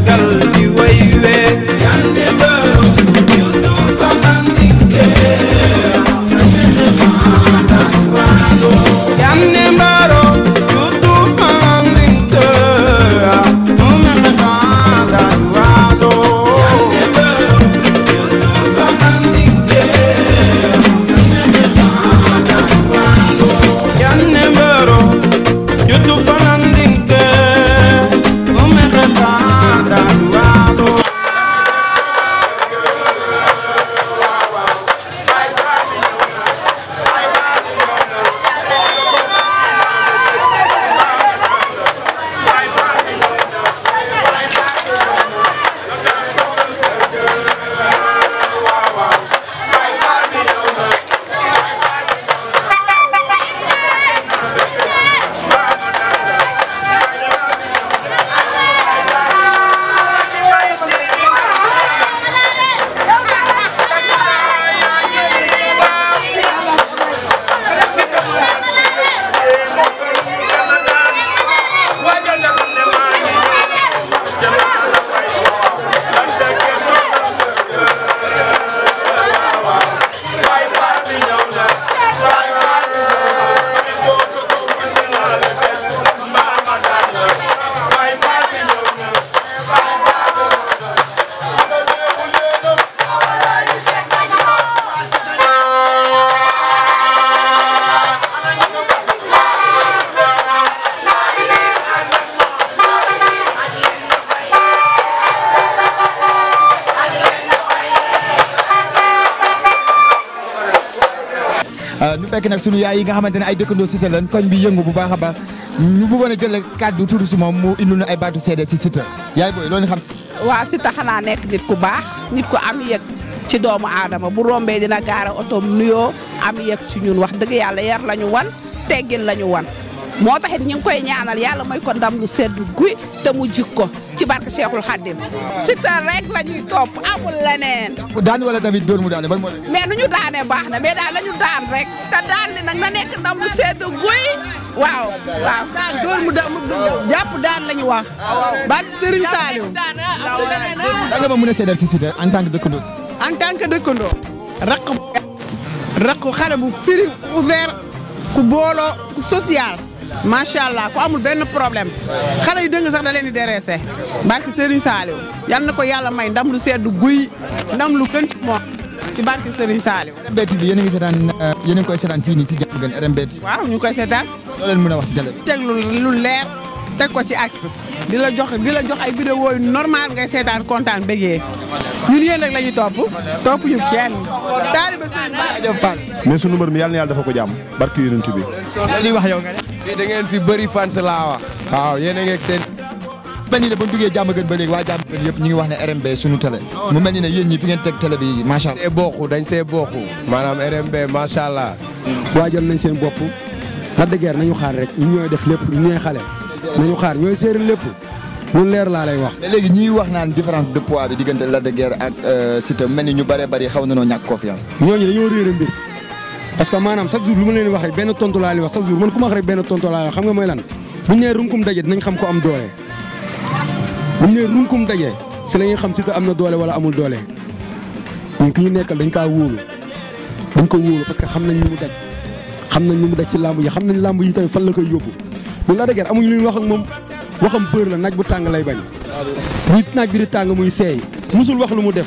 sargal Euh, ñu fekk nag sunu yaay yi nga xamante ne ay dëkkandoo Siteu lañ koñ bi yëngu bu baax a baax ñu bëggoon a jël kàddu tuuti si moom mu indil ñu ay baatu seede si Siteu yaay booy loolu xam si. waaw Siteu xanaa nekk nit ku baax nit ku am yëg ci doomu aadama bu rombee dina gaara otoom nuyoo am yëg ci ñun wax dëgg yàlla yar la ñu wan teggin la ñu wan motax taxit ñu koy ñaanal yalla moy ko ndam lu sedd guuy te mu jikko ci barke Cheikhul Khadim un rek lañuy top amul leneen. daan wala tamit doon mu daane ban mo mais nuñu daane daanee na mais daal lañu daan rek te daan ni nak na nek ndam lu sedd guuy waaw. waaw daan dóor mu daan jàpp daan lañu ñu wax. Ah, baat Serigne salim da nga ma mën a seedal si Siteu en tant que dëkkandoo en tant que dëkkandoo. rakk rakk xale bu firi ouvert ku booloo social macha allah amul ben problème xalé yi dëng sax da leen di déressé barki Serigne Saliou yal nako yalla may ndam lu seddu guuy ndam lu gën ci moom ci barki Serigne Saliou. RMB bi yene a ngi sétan euh, yene a ngi koy sétan fi ni ci jappu gën RMB bi. waaw ñu koy sétan do len mëna wax ci jallu tek lu lu leer tek ko ci axe dila jox dila jox ay vidéo normal ngay sétan contane bëggee ñun yeen rek lañu top top ñu kenn talibé Serigne Ba. mais su numéro mi yalla ñal dafa ko jàmm barki yonent bi. li wax yow nga fii da ngeen fi bëri fans laa wax. waaw yéen a ngi ak seen. mu mel ni ne ba mu duggee jàmm waa jàmm gën yëpp ñu ngi wax ne RMB suñu télé mu mel ni ne yéen ñi fi ngeen teg télé bi macha allah. dañ see bokku dañ see bokku maanaam allah. waajal nañ seen bopp la dëggeer nañu xaar rek ñu ñooy def lépp ñu ñooy xale nañu xaar ñooy séeréer lépp lu leer laa lay wax. mais léegi ñiy wax naan différence de poids bi diggante la dëggeer ak euh, Siteu mel ni ñu bëree bëri xaw na noo ñàkk confiance. ñooñu dañoo réer mbir. parce que maanaam chaque jour lu ma leen wax rek benn tontu wax chaque jour man ku ma wax rek benn tontu wax xam nga mooy lan bu nee runkum daje dinañ xam ko am doole. bu ñu nee runkum daje si la ñuy xam si te am na doole wala amul doole ñun ki ñu nekkal dañ kaa wóolu dañ ko wóolu parce que xam nañ ñu mu daj xam nañ mu daj si làmb yi xam nañ làmb yi tamit fan la koy yóbbu bu la dëgër amuñu lu wax ak moom waxam bër la naaj bu tàng lay bañ. muy naaj bi di tàng muy seey. musul wax lu mu def.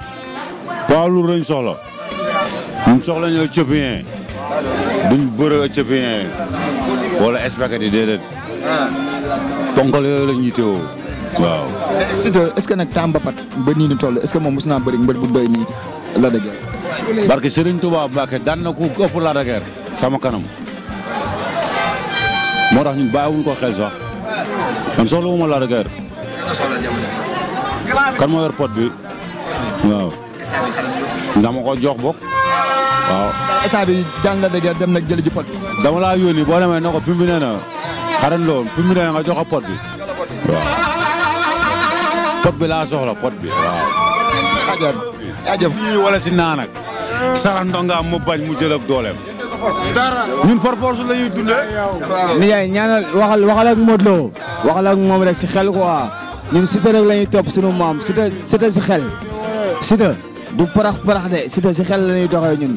Baalu lañ soxla ñun soxla ñu éthiopien duñ bëre éthiopien wala espaghetti di dedet tongkol lañ yitewoo waaw wow est ce que nak tam pat ba ni ni toll est ce que mom musna bari mbeur bu ni la de guerre barke serigne touba dan na ko ëpp la sama kanam morah ñun bau ko xel sax man soxla wuma la de kan mo yor pot bi Wow. dama ko jox bokk waaw. instant bi daan la dem nag jëli pot dama laa yónni boo na ko pimbi nee na xaran loon pimbi pot bi waaw. pot bi laa soxla pot bi waaw. jaajëf jaajëf fii wala si naa nag. sara ndongaam mu bañ mu jël ak dooleem. ñun for force la ñuy dundee. nijaay ñaanal waxal waxal ak Modou moom rek si xel quoi ñun Siteu rek la ñuy topp sunu maam Siteu si xel Siteu. du parax parax de Siteu si xel la ñuy doxee ñun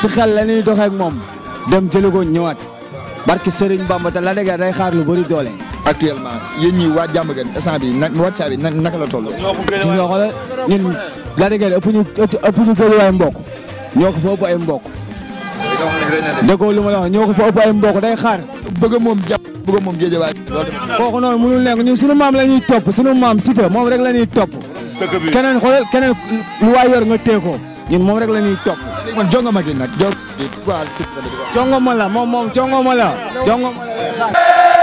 si xel la ñuy doxee ak moom dem jëli ko ñëwaat barki Serigne Bamba te la dégg day xaar lu bëri doole. actuellement yéen ñii waa jàmm gan instant bi na wàccaa bi naka la toll. gis nga xoolal ñun la dégg ëpp ñu ëpp ñu gëriwaay mbokk ñoo ko fa ëpp ay mbokk. déggoo lu ma la wax ñoo ko fa ëpp ay mbokk day xaar. bëgg moom jàpp bëgg moom géejewaay. kooku noonu mënul nekk ñun sunu maam la ñuy topp sunu maam Siteu moom rek la ñuy topp. dëgg bi keneen xoolal keneen lu waay yor moom rek la ñuy topp. man jongo ma gi nag jongo ma la moom moom jongo ma la jongo ma la.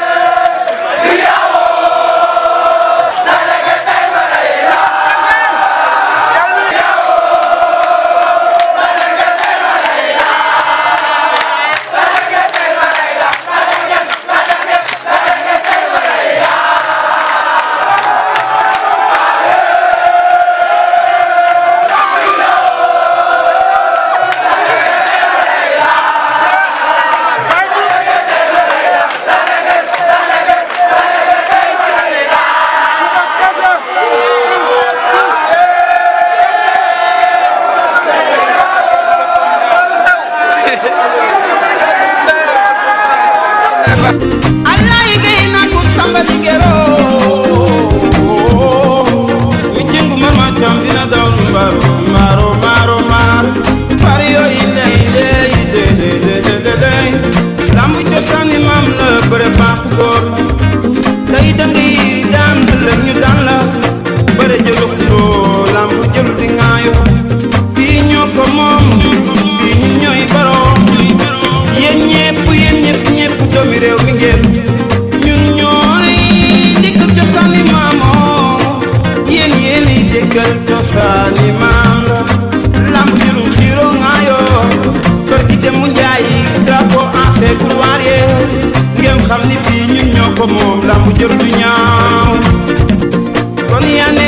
nyaaw kon yaa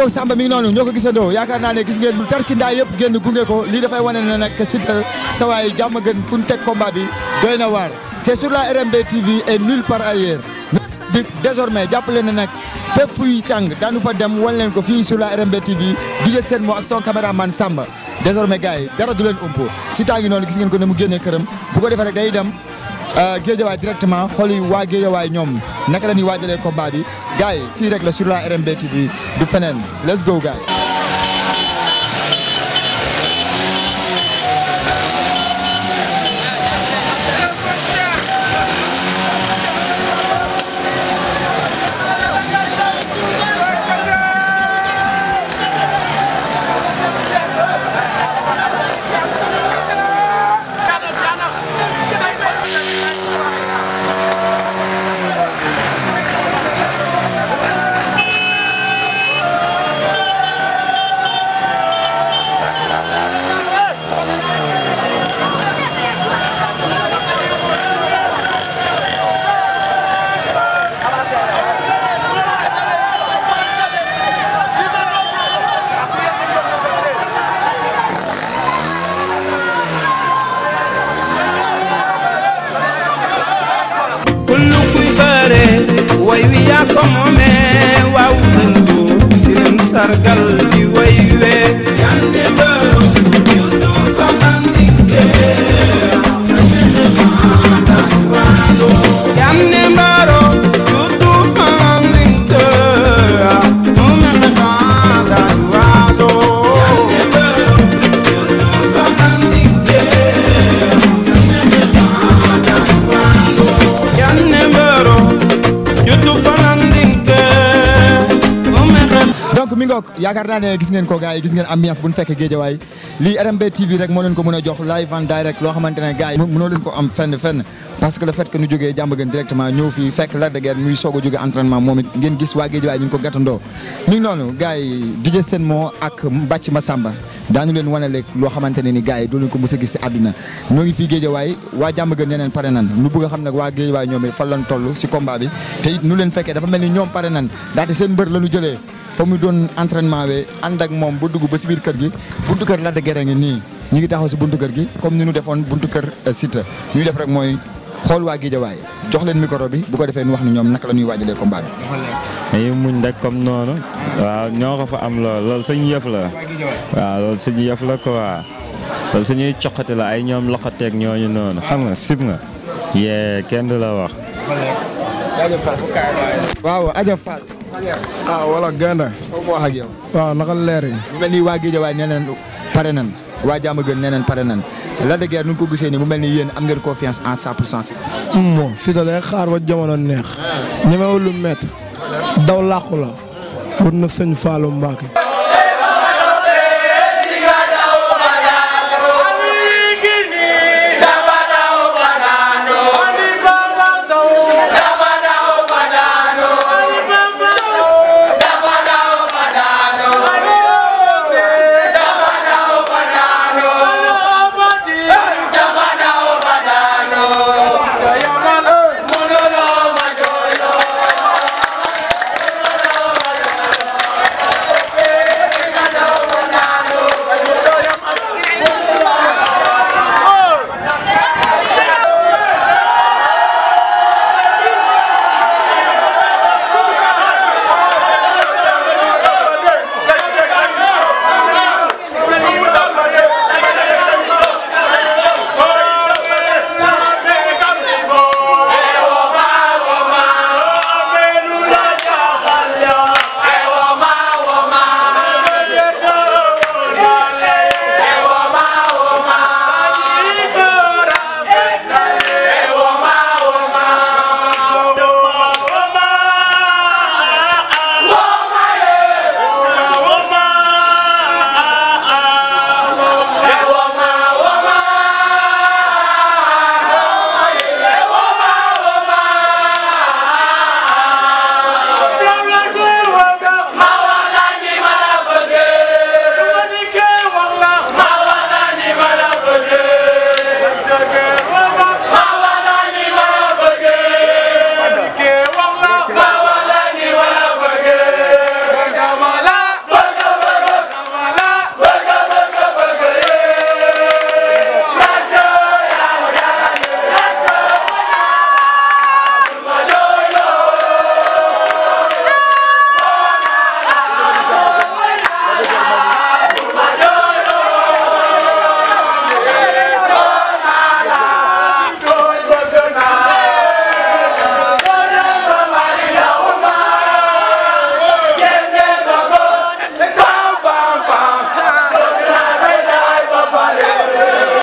mbokk Samba mi ngi noonu ñoo ko gisandoo yaakaar naa ne gis ngeen tarkindaa yëpp génn gunge ko lii dafay wane ne nag Siteu sawaay jàmm gën fu ñu teg ko bi doy na waar sur la RMB TV et nulle part ailleurs di désormais jàppale na nag fépp fuy tàng daanu fa dem wan leen ko fii sur la RMB TV DJ Sen Mo ak son caméraman Samba désormais gars yi dara du leen ump si tàng yi noonu gis ngeen ko ne mu génnee këram bu ko defee day dem Euh, géejawaay directement xool waa géejawaay ñoom naka waa jalee waajalee combat bi gars yi fii rek la sur la RMB TV du feneen let's go gars woy wi yaa ko moome waaw nañ ko diram sargal yaakaar naa ne gis ngeen ko gars yi gis ngeen ambiance bu ñu fekkee géejawaay lii RMB TV rek moo leen ko mën a jox live en direct loo xamante ne gars yi mënoo leen ko am fenn fenn parce que le fait que nu jógee jàmbagan directement ñëw fii fekk Lac de Guiers muy soog a jóge entraînement moom it ngeen gis waa géejawaay ñu ngi ko gàttandoo mi loo xamante ne ni gars yi doo leen ko mës a gis si àdduna ñoo ngi fii géejawaay waa jàmbagan neneen pare nan nu bëgg a xam nag waa géejawaay ñoom it fan lañ toll si combat bi te it nu leen fekkee dafa mel ni ñoom pare nan ndaxte seen fa mu doon entraînement bi ànd ak moom ba dugg ba si biir kër gi buntu kër Lac de Guiers ngi nii ñu ngi taxaw si buntu kër gi comme ni ñu defoon buntu kër euh, Siteu ñu def rek mooy xool waa Guédiawaye jox leen micro bi bu ko defee ñu wax ne ñoom naka la ñuy waajalee combat bi. dañuy muñ rek comme noonu. waaw ñoo fa am lool loolu suñu yëf la. waaw loolu suñu yëf la quoi. loolu suñuy coqati la ay ñoom loxoteeg ñooñu noonu xam nga sib nga. yee kenn la wax. waaw Adja Fall. ah wala Gaynde. foofu moo wax ak yow. waaw naka yi. mu mel ni waa Guédiawaye nee nañ pare nañ waa Diamaguène nee nañ pare nañ Lac de Guiers nu ko gisee nii mu mel ni yéen am ngeen confiance en 100 pour cent si. bon da lay xaar ba jamono neex. ñemewul lu métti. daw làqu la. war na sëñ Fallou Mbacke.